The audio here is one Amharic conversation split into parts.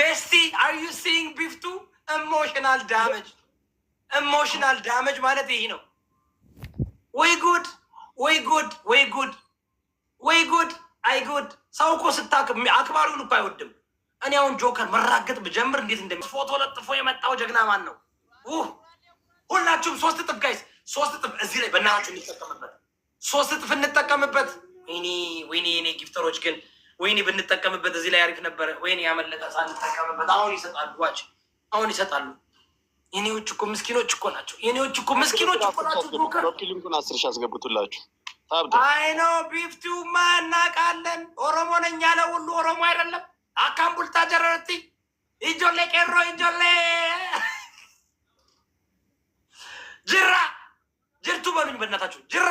ቤስቲ አር ዩ ሲንግ ቢፍቱ ኢሞሽናል ዳመጅ ኢሞሽናል ዳመጅ ማለት ይሄ ነው። ወይ ጉድ ወይ ጉድ ወይ ጉድ ወይ ጉድ አይ ጉድ። ሰው እኮ ስታቅ አክባሪውን እኮ አይወድም። እኔ አሁን ጆከር መራገጥ ብጀምር እንዴት እንደሚ ፎቶ ለጥፎ የመጣው ጀግና ማን ነው? ሁላችሁም ሶስት እጥፍ ጋይስ፣ ሶስት እጥፍ እዚህ ላይ በእናታችሁ እንጠቀምበት፣ ሶስት እጥፍ እንጠቀምበት። ወይኔ ወይኔ፣ የኔ ጊፍተሮች ግን ወይኔ ብንጠቀምበት እዚህ ላይ አሪፍ ነበረ፣ ወይኔ ያመለጠ ሳንጠቀምበት፣ አሁን ይሰጣሉ ዋች አሁን ይሰጣሉ። የኔዎች እኮ ምስኪኖች እኮ ናቸው። የኔዎች እኮ ምስኪኖች እኮ ናቸው። ፊልምቱን አስር ሺ አስገብቱላችሁ። አይኖ ቢፍቲውማ እናውቃለን። ኦሮሞ ነኝ ያለ ሁሉ ኦሮሞ አይደለም። አካምቡልታ ጀረርቲ ኢጆሌ ቄሮ ኢጆሌ ጅራ ጅርቱ በሉኝ በእናታችሁ ጅራ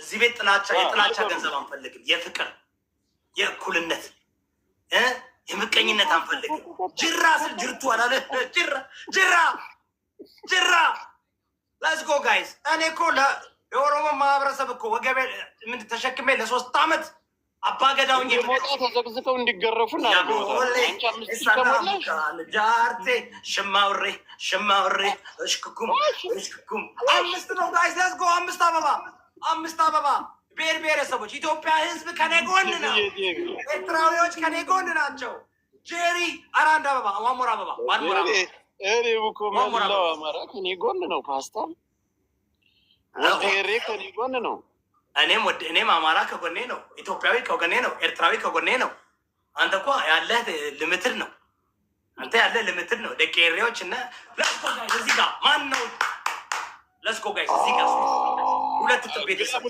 እዚህ ቤት ጥላቻ የጥላቻ ገንዘብ አንፈልግም። የፍቅር የእኩልነት የምቀኝነት አንፈልግም። ጅራ ስል ጅርቱ አላለ ጅራ ጅራ ጅራ ላስጎ ጋይስ። እኔ እኮ የኦሮሞ ማህበረሰብ እኮ ወገቤ ምን ተሸክሜ ለሶስት አመት አባገዳውን ተዘግዝተው እንዲገረፉ ጃርቴ ሽማውሬ ሽማውሬ እሽክኩም እሽክኩም አምስት ነው ጋይስ። ላስጎ አምስት አበባ አምስት አበባ ብሔር ብሔረሰቦች ኢትዮጵያ ህዝብ ከኔ ጎን ነው። ኤርትራዊዎች ከኔ ጎን ናቸው። ጄሪ አራንድ አበባ ዋሞራ አበባ ዋሞራ አማራ ከኔ ጎን ነው። ፓስታ ወንቴሬ ከኔ ጎን ነው። እኔም ወደ እኔም አማራ ከጎኔ ነው። ኢትዮጵያዊ ከጎኔ ነው። ኤርትራዊ ከጎኔ ነው። አንተ እኮ ያለ ልምትር ነው። አንተ ያለ ልምትር ነው። ደቄሬዎች እና ለስኮ ጋይስ እዚህ ጋር ማን ነው? ለስኮ ጋይስ እዚህ ጋር ሁለት እጥፍ ቤተሰብ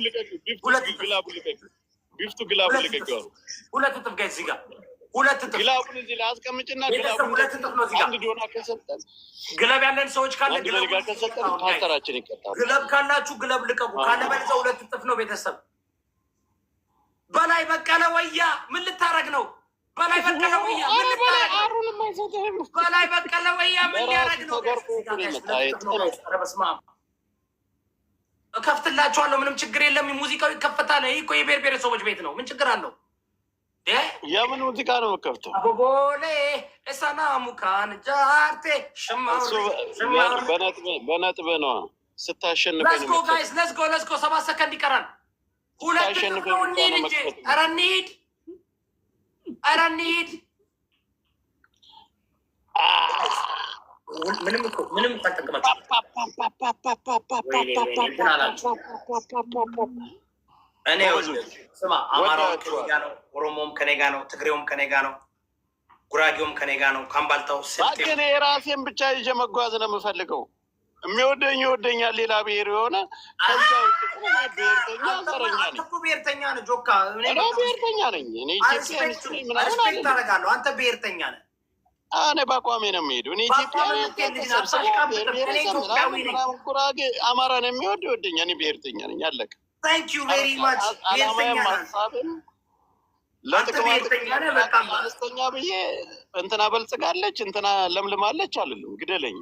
ግለብ ያለን ሰዎች ካለ ግለብ ግለብ ካላችሁ ግለብ ልቀቁ፣ ካለበለዚያ ሁለት እጥፍ ነው። ቤተሰብ በላይ በቀለ ወያ ምን ልታረግ ነው? በላይ በቀለ ወያ ምን ልታረግ ነው? በላይ በቀለ ወያ ምን ሊያረግ ነው? እከፍትላችኋለሁ። ምንም ችግር የለም። ሙዚቃው ይከፈታል። ይህ እኮ የብሔር ብሔረሰቦች ቤት ነው። ምን ችግር አለው? የምን ሙዚቃ ነው የምከፍተው? ቦሌ ሰናሙካን ጃርቴ በነጥብ ነዋ። ስታሸንፈኝ ለስጎ ጋይስ ለስጎ ለስጎ ሰባት ሰከንድ ይቀራል። ሁለት ነው እንሂድ እንጂ። ኧረ እንሂድ፣ ኧረ እንሂድ ምንም እኮ ምንም እኔ ስማ፣ አማራውም ከኔ ጋ ነው፣ ኦሮሞውም ከኔ ጋ ነው፣ ትግሬውም ከኔ ጋ ነው፣ ጉራጌውም ከኔ ጋ ነው። የራሴን ብቻ ይዤ መጓዝ ነው የምፈልገው። የሚወደኝ ይወደኛል። ሌላ ብሔር የሆነ ብሔርተኛ ነኝ ብሔርተኛ ነኝ። ኢትዮጵያ ምናምን አንተ ብሔርተኛ ነህ እኔ በአቋሜ ነው የሚሄዱ። እኔ ኢትዮጵያዊጉራጌ አማራን የሚወድ ይወደኛ። እኔ ብሄርተኛ ነኝ። አለቀ። አላማዬም አነስተኛ ብዬ እንትና በልጽጋለች እንትና ለምልማለች አልልም። ግደለኝ።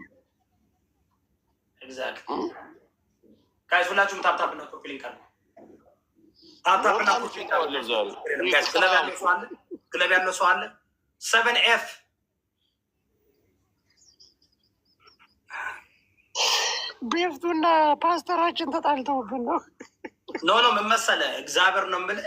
ሁላችሁም ታብታብ ነው ነው ክለብ ያለው ሰው አለ። ሰቨን ኤፍ ቤፍቱና ፓስተራችን ተጣልተውብን ነው። ኖ ኖ ምን መሰለህ፣ እግዚአብሔር ነው የምልህ፣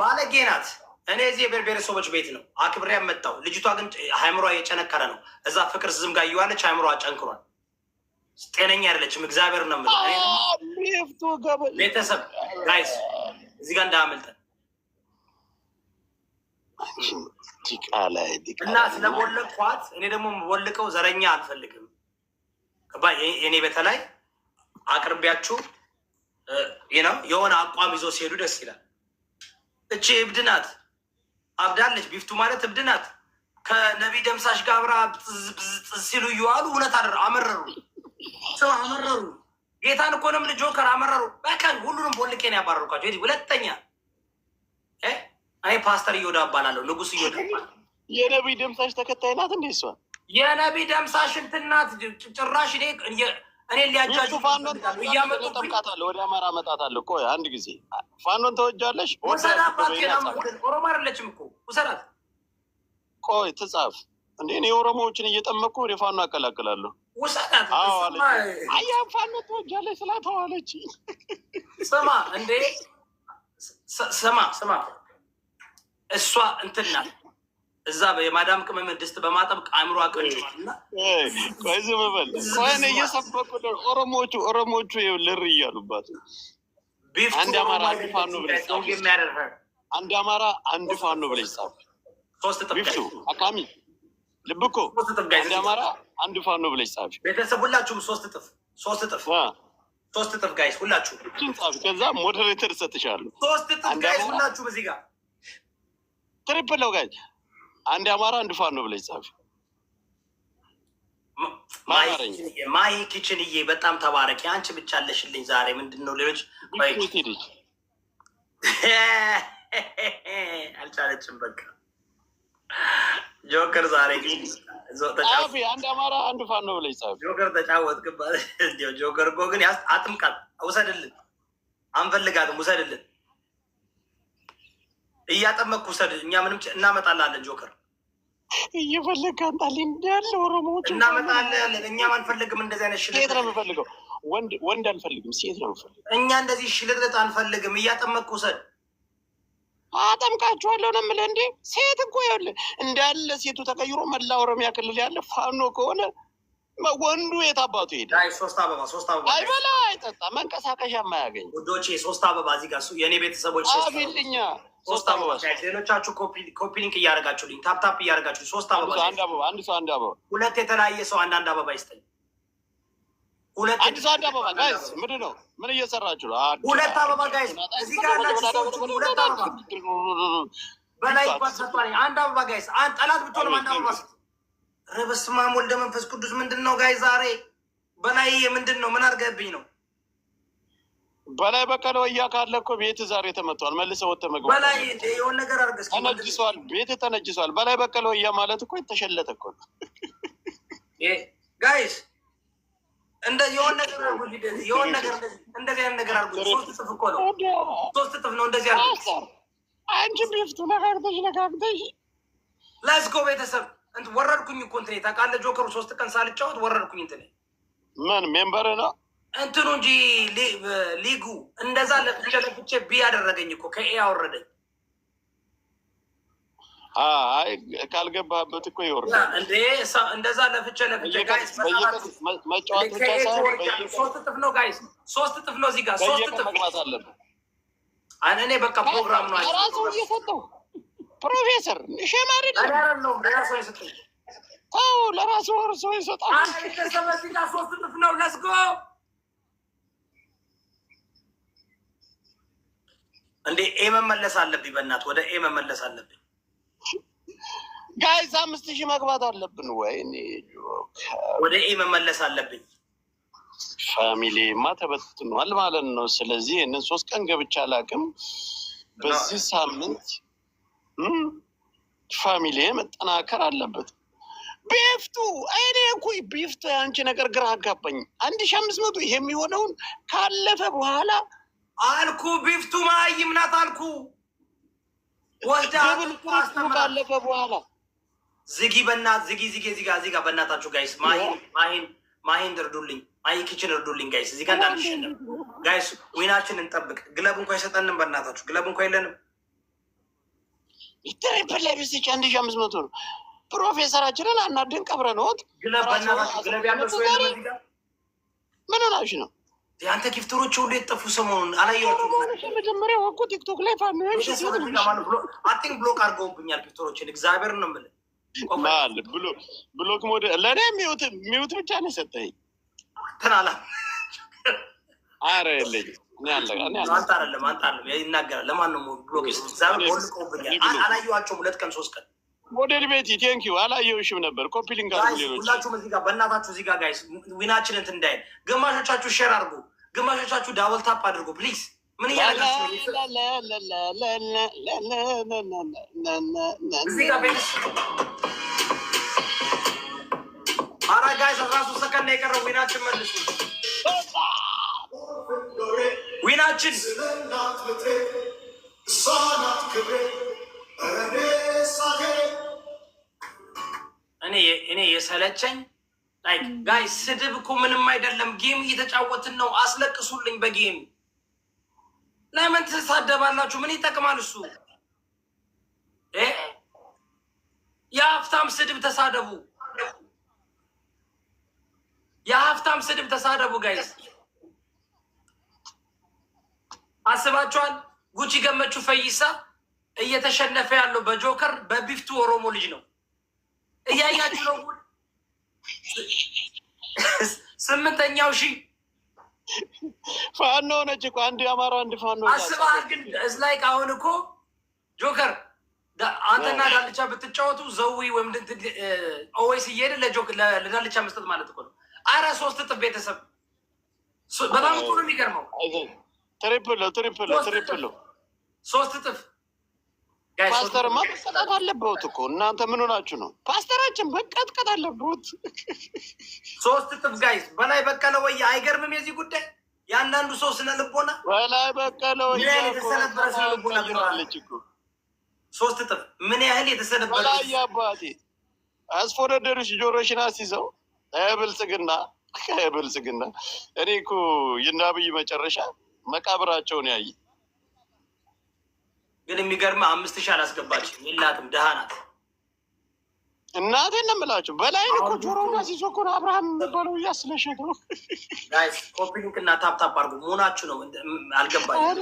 ባለጌ ናት። እኔ እዚህ የብሔር ብሔረሰቦች ቤት ነው አክብሬ ያመጣው። ልጅቷ ግን ሃይምሯ የጨነከረ ነው። እዛ ፍቅር ዝም ጋር እየዋለች ሃይምሯ ጨንክሯል። ጤነኛ አይደለችም። እግዚአብሔር ነው የምልህ። ቤተሰብ ጋይስ፣ እዚህ ጋር እንዳያመልጠን እና ስለቦለቅኳት እኔ ደግሞ ወልቀው ዘረኛ አልፈልግም እኔ በተለይ አቅርቢያችሁ ነው የሆነ አቋም ይዞ ሲሄዱ ደስ ይላል። እቺ እብድ ናት፣ አብዳለች። ቢፍቱ ማለት እብድ ናት። ከነቢ ደምሳሽ ጋር አብራ ሲሉ እየዋሉ እውነት አመረሩ። ሰው አመረሩ። ጌታን እኮ ነው ጆከር አመረሩ። በቃ ሁሉንም ቦልቄ ነው ያባረርኳቸው። ሁለተኛ እኔ ፓስተር እየወዳ እባላለሁ። ንጉስ እየወዳ የነቢ ደምሳሽ ተከታይ ናት እንዴ? እሷን የነቢ ደምሳ ሽንትናት ጭራሽ እኔ ሊያጃጅ እያመጡብኝጠብቃታለሁ። ወደ አማራ እመጣታለሁ። ቆይ አንድ ጊዜ ፋኖን ተወጃለሽ። ኦሮሞ አይደለችም እኮ ውሰዳት። ቆይ ትጻፍ እንዴ? እኔ ኦሮሞዎችን እየጠመቅኩ ወደ ፋኖ አቀላቅላለሁ። ውሰዳት። አያም ፋኖ ተወጃለሽ ስላተዋለች። ስማ እንዴ፣ ስማ ስማ፣ እሷ እንትናት እዛ የማዳም ቅመም ድስት በማጠብቅ አእምሮ አቀንጭና ከዚህ በበል ቆይን እየሰበኩ ኦሮሞቹ ኦሮሞቹ ልር እያሉባት አንድ አማራ አንድ ፋኖ ብለሽ አንድ አማራ አንድ ፋኖ ብለሽ ጻፍ። ቢፍቱ አካሚ እኮ አንድ አማራ አንድ ፋኖ ብለሽ ጻፍ። ቤተሰብ ሁላችሁም ሶስት ጥፍ ሶስት ጥፍ ሶስት ጥፍ ጋይስ ሁላችሁ ከዛ ሞደሬተር እሰጥሻለሁ። ሶስት ጥፍ ጋይስ ሁላችሁ፣ እዚህ ጋር ትሪፕል ነው ጋይስ አንድ አማራ አንድ ፋኖ ብለሽ ጻፊ። ማይ ኪችንዬ በጣም ተባረቂ። አንቺ ብቻ አለሽልኝ ዛሬ። ምንድን ነው ሌሎች አልቻለችም። በቃ ጆከር ዛሬ ጻፊ። አንድ አማራ አንድ ፋኖ ብለሽ ጻፊ። ጆከር ተጫወትክባት። ጆከር እኮ ግን አጥምቃት። ውሰድልን፣ አንፈልጋትም፣ ውሰድልን እያጠመቅኩ ውሰድ። እኛ ምንም እናመጣላለን። ጆከር እየፈለግ አምጣል እንዳለ ኦሮሞዎች እኛም አንፈልግም። እንደዚህ አይነት ነው የምፈልገው። ወንድ አንፈልግም፣ ሴት ነው የምፈልገው። እኛ እንደዚህ ሽልጥልጥ አንፈልግም። እያጠመቅኩ ውሰድ። አጠምቃችኋለሁ ነው የምልህ። እንዴ ሴት እኮ እንዳለ ሴቱ ተቀይሮ መላ ኦሮሚያ ክልል ያለ ፋኖ ከሆነ ወንዱ የት አባቱ ሶስት አበባ ሶስት አበባ አይበላ አይጠጣ መንቀሳቀሻ ውዶቼ፣ ሶስት አበባ እዚህ ጋር የእኔ ቤተሰቦች አቤልኛ ሶስት አበባ ሌሎቻችሁ ኮፒ ሊንክ እያደረጋችሁልኝ ታፕታፕ እያደረጋችሁ ሶስት አበባ አንድ ሰው አንድ አበባ ሁለት የተለያየ ሰው አንዳንድ አበባ ይስጠኝ። ሁለት አንድ ሰው አንድ አበባ ጋይስ፣ ምንድን ነው ምን እየሰራችሁ ነው? ሁለት አበባ ጋይስ፣ እዚህ ጋር ያላችሁ ሁለት አበባ በላይ ኳስ ሰጥቷል። አንድ አበባ ጋይስ፣ ጠላት ብትሆንም አንድ አበባ ስጥ። ኧረ በስመ ወልደ መንፈስ ቅዱስ ምንድን ነው ጋይ ዛሬ በላይ ምንድን ነው? ምን አድርገብኝ ነው በላይ በቀለ ወያ ካለ እኮ ቤት ዛሬ ተመቷል። መልሰ ወጥተህ መግባት በላይ የሆነ ነገር አድርገህ ተነጅሷል። ቤት ተነጅሷል። በላይ በቀለ ወያ ማለት እኮ የተሸለተ እኮ ነው። ጋይስ እንደ የሆነ ነገር የሆነ ነገር እንደዚህ አይነት ነገር አድርጉ። ሶስት እጥፍ እኮ ነው። ሶስት እጥፍ ነው። እንደዚህ አድርጉ። አንቺ ቢፍቱ ነገር ነካክተሽ ላስጎ ቤተሰብ እንትን ወረድኩኝ እኮ እንትኔ ታውቃለህ፣ ጆከሩ ሶስት ቀን ሳልጫወት ወረድኩኝ። እንትኔ ምን ሜምበር ነው እንትኑ እንጂ ሊጉ እንደዛ ለፍቼ ለፍቼ ቢ ያደረገኝ እኮ ከኤ ያወረደኝ። አይ ካልገባህበት እኮ ይወርዳል እንዴ! እንደዛ ለፍቼ ለፍቼ መጫወት ብቻ ሳይሆን ሶስት እጥፍ ነው ጋይስ፣ ሶስት እጥፍ ነው እዚህ ጋር ሶስት እጥፍ መግባት አለብህ። እኔ በቃ ፕሮግራም ነው ራሱ እየሰጠው ፕሮፌሰር ሸማ ነው ራሱ የሰጠኝ። ተው ለራሱ ወርሶ ይሰጣል። ሶስት እጥፍ ነው ለስጎ እንዴ ኤ መመለስ አለብኝ። በእናት ወደ ኤ መመለስ አለብኝ። ጋይዝ አምስት ሺህ መግባት አለብን። ወይ? ወደ ኤ መመለስ አለብኝ። ፋሚሊማ ተበትኗል ማለት ነው። ስለዚህ ይህንን ሶስት ቀን ገብቻ አላቅም። በዚህ ሳምንት ፋሚሊ መጠናከር አለበት። ቢፍቱ እኔ እኮ ቢፍት አንቺ ነገር ግራ አጋባኝ። አንድ ሺህ አምስት መቶ ይሄ የሚሆነውን ካለፈ በኋላ አልኩ ቢፍቱ ማይም ናት አልኩ። ወስዳ ካለፈ በኋላ ዝጊ፣ በእናት ዝጊ፣ ዝጊ፣ ዝጋ፣ ዝጋ። በእናታችሁ ጋይስ፣ ማሂን ማሂን ማሂን እርዱልኝ፣ ማይ ኪችን እርዱልኝ ጋይስ። እዚህ ጋር እንዳንሸነፍ ጋይስ፣ ዊናችን እንጠብቅ። ግለብ እንኳ አይሰጠንም፣ በእናታችሁ ግለብ እንኳ የለንም። ትሪፕል ላይ ቢስች አንድ ሺ አምስት መቶ ነው። ፕሮፌሰራችንን አናደን ቀብረ ነዎት። ግለብ በእናታችሁ ግለብ ያለው ሰው የለም። ምን ሆናችሁ ነው? የአንተ ጊፍተሮች ሁሉ የጠፉ ሰሞኑን አላየሁትም። መጀመሪያ ወቁ ቲክቶክ ላይ ብሎክ አድርገውብኛል ጊፍተሮችን እግዚአብሔር ነው የምልህ። ብሎክ ሞደ ለእኔ ሚውት ብቻ ነው የሰጠኝ። ትናላ አረ የለኝም። አንተ አይደለም አንተ አይደለም ይናገራል። ለማን ነው ብሎክ? ዛ ወልቀውብኛል። አላየኋቸውም ሁለት ቀን ሶስት ቀን ሞዴል ቤቲ ቴንክ ዩ አላየሁሽም ነበር። ኮፒ ሊንክ ሁላችሁም እዚህ ጋር በእናታችሁ እዚህ ጋር ጋይስ ዊናችን እንትን እንዳይል፣ ግማሾቻችሁ ሼር አርጉ፣ ግማሾቻችሁ ዳብል ታፕ አድርጉ ፕሊዝ። ምን እያረጋችሁአራ ጋይስ አስራ ሰከንድ የቀረው ዊናችን መልሱ፣ ዊናችን እኔ የሰለቸኝ ላይክ ጋይ mm. ስድብ እኮ ምንም አይደለም። ጌም እየተጫወትን ነው። አስለቅሱልኝ በጌም ለምን ትሳደባላችሁ? ምን ይጠቅማል እሱ? የሀብታም ስድብ ተሳደቡ፣ የሀብታም ስድብ ተሳደቡ። ጋይስ አስባችኋል? ጉቺ ገመቹ ፈይሳ እየተሸነፈ ያለው በጆከር በቢፍቱ ኦሮሞ ልጅ ነው። እያያችሁ ነው። ስምንተኛው ሺ ፋኖ ነች እኮ አንድ አማራ አንድ ፋኖ አስበሃል። ግን እዚ ላይ አሁን እኮ ጆከር አንተና ዳልቻ ብትጫወቱ ዘዊ ወይም ኦዌስ እየሄደ ለዳልቻ መስጠት ማለት እኮ ነው። አረ ሶስት እጥፍ ቤተሰብ በጣም እኮ ነው የሚገርመው። ትሪፕል ትሪፕል ትሪፕል ሶስት እጥፍ ፓስተርማ መቀጣት አለበት እኮ እናንተ ምን ሆናችሁ ነው? ፓስተራችን መቀጥቀጥ አለበት። ሶስት እጥፍ ጋይስ በላይ በቀለ ወይ አይገርምም? የዚህ ጉዳይ የአንዳንዱ ሰው ስነ ልቦና በላይ በቀለ ወይ የተሰነበረ ስነ ልቦና ትኖራለች እኮ ሶስት እጥፍ ምን ያህል የተሰነበረ በላይ አባቴ አስፎደደሩሽ ጆሮሽን አስይዘው ብልጽግና ብልጽግና እኔ እኮ የእነ አብይ መጨረሻ መቃብራቸውን ያየ ግን የሚገርም አምስት ሺ አላስገባችም የላትም፣ ድሃ ናት። እናቴን ነው የምላችሁ። በላይ እኮ ጆሮና ሲሶኮን አብርሃም የሚባለው እያስለሸግ ነው። ኮፒሊንክ እና ታፕታፕ አርጉ መሆናችሁ ነው አልገባኝም።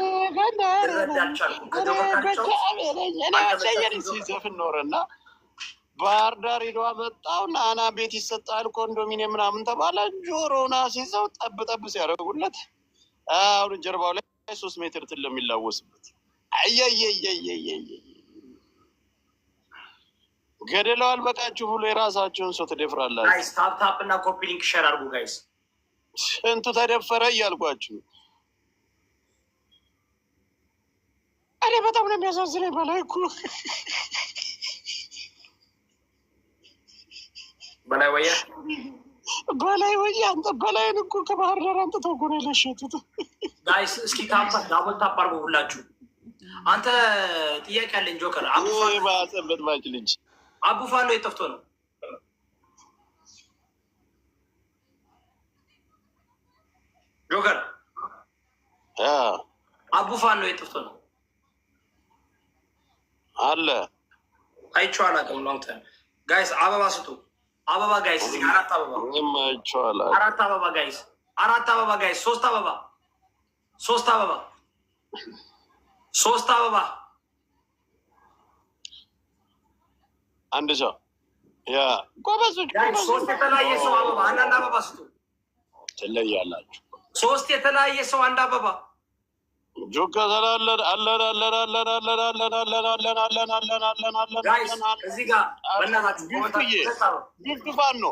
ሲዘፍን ኖረና ባህር ዳር ሄዷ መጣው ናና ቤት ይሰጣል ኮንዶሚኒየም ምናምን ተባለ። ጆሮና ሲዘው ጠብ ጠብ ሲያደርጉለት አሁን ጀርባው ላይ ሶስት ሜትር ትል የሚላወስበት ገደለው አልበቃችሁ ብሎ የራሳችሁን ሰው ትደፍራላችሁ። ታፕታፕ እና ኮፒ ሊንክ ሸር አድርጉ ጋይስ። ስንቱ ተደፈረ እያልኳችሁ እኔ በጣም ነው የሚያሳዝነኝ። በላይ እኮ በላይ ወያ በላይ ወያ አንተ በላይን እኮ ከባህር ዳር አንጥተው ጎነ ለሸጡት ጋይስ። እስኪ ዳቦል ታፕ አድርጉ ሁላችሁ አንተ ጥያቄ አለኝ ጆከር። አቡፋሎበት ባችል እንጂ አቡፋሎ የጠፍቶ ነው። ጆከር አቡፋሎ የጠፍቶ ነው አለ አይቼው አላውቅም። ላንተ ጋይስ አበባ ስጡ። አበባ ጋይስ አራት አበባ አራት አበባ ጋይስ አራት አበባ ጋይስ ሶስት አበባ ሶስት አበባ ሶስት አበባ አንድ ሰው ሶስት የተለያየ ሰው አበባ አንዳንድ አበባ ስጡ ትለያላችሁ። ሶስት የተለያየ ሰው አንድ አበባ ቢፍቱ ፋኖ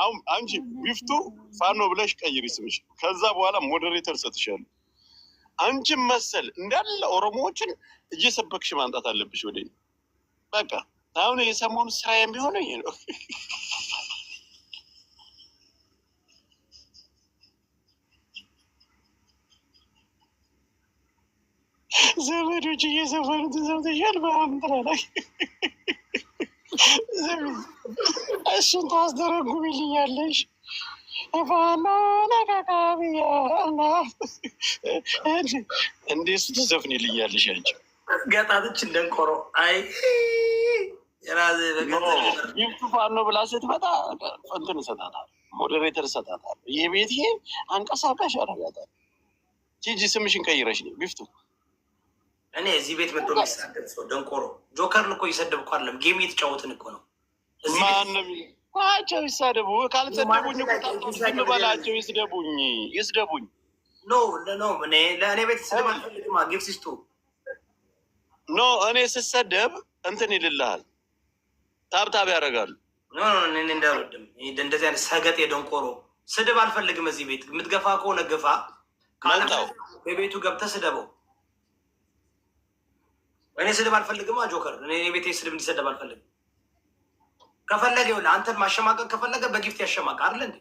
አሁን አንቺ ቢፍቱ ፋኖ ብለሽ ቀይሪ ስምሽ። ከዛ በኋላ ሞዴሬተር ሰጥሻለሁ አንቺም መሰል እንዳለ ኦሮሞዎችን እየሰበክሽ ማምጣት አለብሽ ወደ በቃ አሁን የሰሞኑ ስራ የሚሆነኝ ነው። ዘመዶች እየዘፈኑት ሰምተሻል? በአምጥራ ላይ እሱን ታስደረጉ ታስደረጉብልኛለሽ እንዴት ሱ ትዘፍን ይልያለሽ አንቺ ገጣትች እንደንቆሮ አይ ነው ብላ ስትመጣ እንትን እሰጣታለሁ፣ ሞዴሬተር እሰጣታለሁ። ይህ ቤት ይሄ አንቀሳቃሽ አረጋታለሁ። ጂጂ ስምሽን ቀይረሽ ነው ቢፍቱ። እኔ እዚህ ቤት መጥቶ የሚሳደብ ሰው ደንቆሮ ጆከርን እኮ እየሰደብኩ አይደለም፣ ጌም እየተጫወትን እኮ ነው። ቸው ይሳደቡ። ካልሰደቡኝ ዝም በላቸው። ይስደቡኝ ይስደቡኝ። ኖ ኖ ለእኔ ቤተሰብ አልፈልግማ። ጊፍት ኖ እኔ ስሰደብ እንትን ይልልሃል፣ ታብታብ ያደርጋሉ። ኖ እኔ እንዳልወድም እንደዚህ አይነት ሰገጥ የደንቆሮ ስድብ አልፈልግም። እዚህ ቤት የምትገፋ ከሆነ ግፋ፣ ካልታው በቤቱ ገብተህ ስደበው። እኔ ስድብ አልፈልግማ ጆከር። እኔ ቤቴ ስድብ እንዲሰደብ አልፈልግም። ከፈለገ ይኸውልህ አንተን ማሸማቀቅ ከፈለገ በጊፍት ያሸማቀ አለ እንዴ?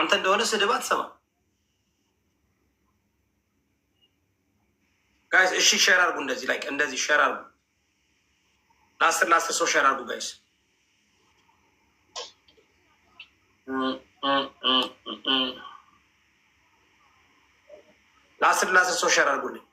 አንተ እንደሆነ ስድብ አትሰማ። ጋይስ እሺ፣ ሼር አርጉ። እንደዚህ ላይ እንደዚህ ሼር አርጉ። ለአስር ለአስር ሰው ሼር አርጉ ጋይስ። ለአስር ለአስር ሰው ሼር አርጉልኝ።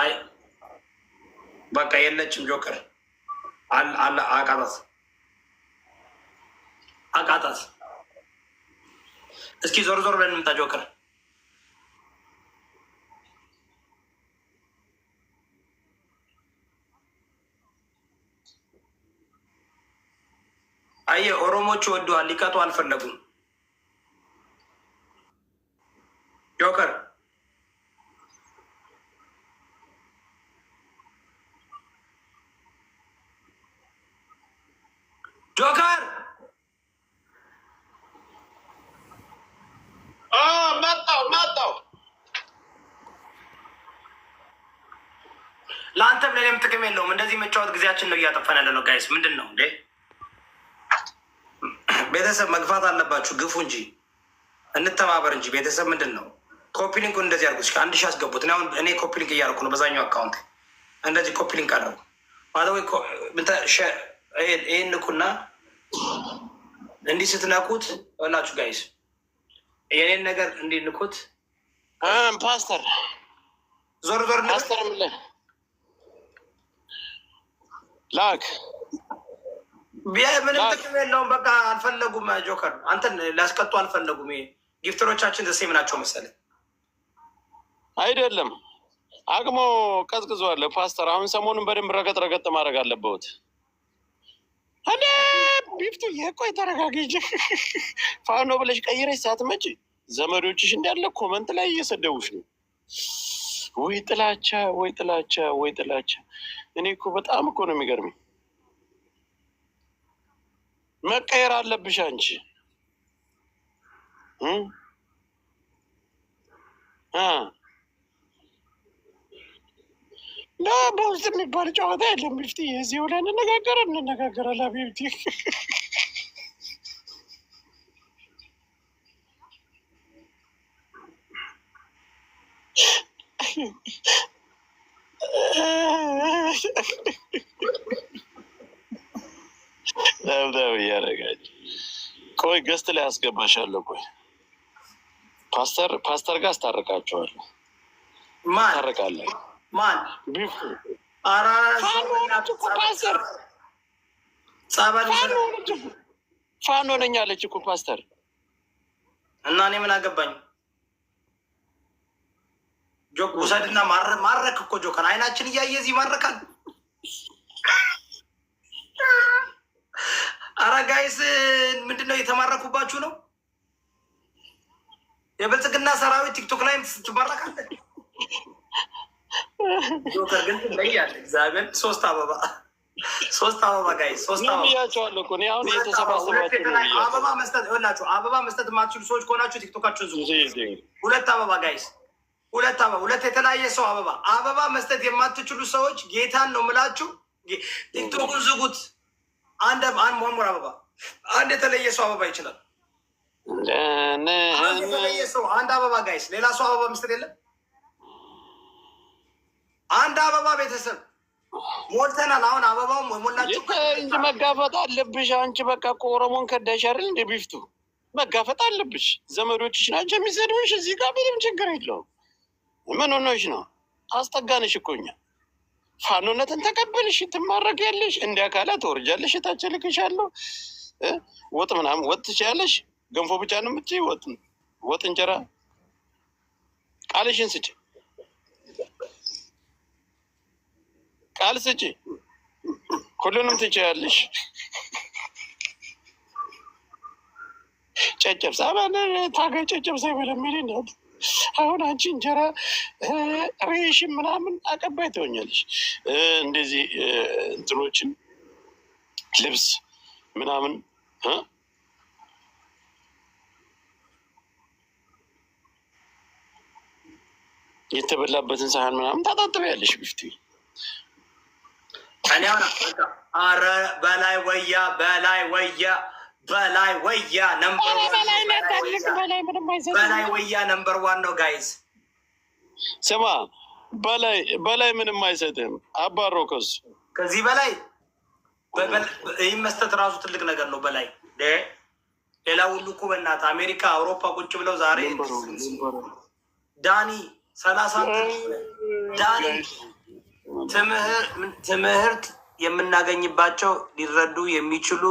አይ በቃ የለችም። ጆከር አቃጣት አቃጣት። እስኪ ዞር ዞር ብለን እንምጣ። ጆከር አየ ኦሮሞች ወደዋል፣ ሊቀጡ አልፈለጉም። ጆከር ጆከር መጣው መጣው። ለአንተም ለእኔም ጥቅም የለውም። እንደዚህ መጫወት ጊዜያችን ነው እያጠፋን ያለ ነው። ጋይስ ምንድን ነው እንዴ? ቤተሰብ መግፋት አለባችሁ። ግፉ እንጂ እንተባበር እንጂ ቤተሰብ ምንድን ነው? ኮፒሊንኩ እንደዚህ አድርጉ። እስኪ አንድ ሺህ አስገቡት። አሁን እኔ ኮፒሊንክ እያደረኩ ነው በዛኛው አካውንት እንደዚህ ኮፒሊንክ አድርጉ? ማለት ወይ ይህን ንኩና እንዲህ ስትነኩት እላችሁ ጋይስ የኔን ነገር እንዲንኩት ፓስተር ዞር ዞር ፓስተር ምለ ላክ ምንም ጥቅም የለውም። በቃ አልፈለጉም። ጆከር አንተን ሊያስቀጡ አልፈለጉም። ጊፍተሮቻችን ዘሴም ናቸው መሰለኝ። አይደለም አቅሞ ቀዝቅዘዋለ ፓስተር አሁን ሰሞኑን በደንብ ረገጥ ረገጥ ማድረግ አለበት። እኔ ቢፍቱ የቆይ ተረጋግጅ ፋኖ ብለሽ ቀይረሽ ሳትመጪ ዘመዶችሽ እንዳለ ኮመንት ላይ እየሰደቡሽ ነው። ወይ ጥላቻ፣ ወይ ጥላቻ፣ ወይ ጥላቻ። እኔ እኮ በጣም እኮ ነው የሚገርመኝ። መቀየር አለብሽ አንቺ እ ና በውስጥ የሚባል ጨዋታ የለም። ቢፍቲ እዚህ ሆነ እንነጋገረ እንነጋገረ ቢፍቲ ለምለም እያደረጋች ቆይ፣ ገስት ላይ አስገባሻለሁ። ቆይ ፓስተር ፓስተር ጋር አስታርቃቸዋለሁ። ማን ታርቃለን ማን ፋኖ ነኝ አለች እኮ ፓስተር። እና እኔ ምን አገባኝ? ጆክ ውሰድና ማረክ እኮ ጆከር፣ አይናችን እያየ እዚህ ማረካል። አረ ጋይስ ምንድን ነው እየተማረኩባችሁ ነው? የብልጽግና ሰራዊት ቲክቶክ ላይ ትባረካለን። ጆከር ግን ትለያለህ። እግዚአብሔር ሶስት አበባ ሶስት አበባ ጋይ ሶስት አበባ ብያቸዋለሁ አሁን አበባ መስጠት ይኸውላችሁ፣ አበባ መስጠት የማትችሉ ሰዎች ከሆናችሁ ቲክቶካችሁ ሁለት አበባ ጋይስ፣ ሁለት አበባ፣ ሁለት የተለያየ ሰው አበባ። አበባ መስጠት የማትችሉ ሰዎች ጌታን ነው የምላችሁ፣ ቲክቶኩን ዝጉት። አንድ አንድ ሟሙር አበባ፣ አንድ የተለየ ሰው አበባ ይችላል። አንድ የተለየ ሰው አንድ አበባ ጋይስ። ሌላ ሰው አበባ መስጠት የለም አንድ አበባ ቤተሰብ ሞልተናል። አሁን አበባው ሞላችሁ እንጂ መጋፈጥ አለብሽ አንቺ። በቃ እኮ ኦሮሞን ከዳሽ አይደል እንደ ቢፍቱ መጋፈጥ አለብሽ። ዘመዶችሽ ናቸው የሚሰድብሽ። እዚህ ጋር ምንም ችግር የለውም። ምን ሆነሽ ነው? አስጠጋንሽ እኮ እኛ ፋኖነትን ተቀበልሽ ትማረክ ያለሽ እንደ አካላት ትወርጃለሽ። የታች እልክሻለሁ ወጥ ምናምን ወጥ ትችያለሽ። ገንፎ ብቻ ነው የምትይ ወጥ ወጥ እንጀራ ቃልሽን ስጭ ቃል ስጪ፣ ሁሉንም ትችያለሽ። ጨጨብሳ ታገ ጨጨብሳ በለሚል አሁን አንቺ እንጀራ ሬሽን ምናምን አቀባይ ትሆኛለሽ። እንደዚህ እንትኖችን ልብስ ምናምን የተበላበትን ሳህን ምናምን ታጣጥበያለሽ ግፍት እኔ አረ በላይ ወያ በላይ ወያ በላይ ወያ ነምበር በላይ ወያ ነምበር ዋን ነው ጋይዝ። ስማ በላይ በላይ ምንም አይሰጥም። አባሮ ከሱ ከዚህ በላይ ይህ መስጠት ራሱ ትልቅ ነገር ነው። በላይ ሌላ ሁሉ እኮ በእናትህ አሜሪካ፣ አውሮፓ ቁጭ ብለው ዛሬ ዳኒ ሰላሳ ዳኒ ትምህርት የምናገኝባቸው ሊረዱ የሚችሉ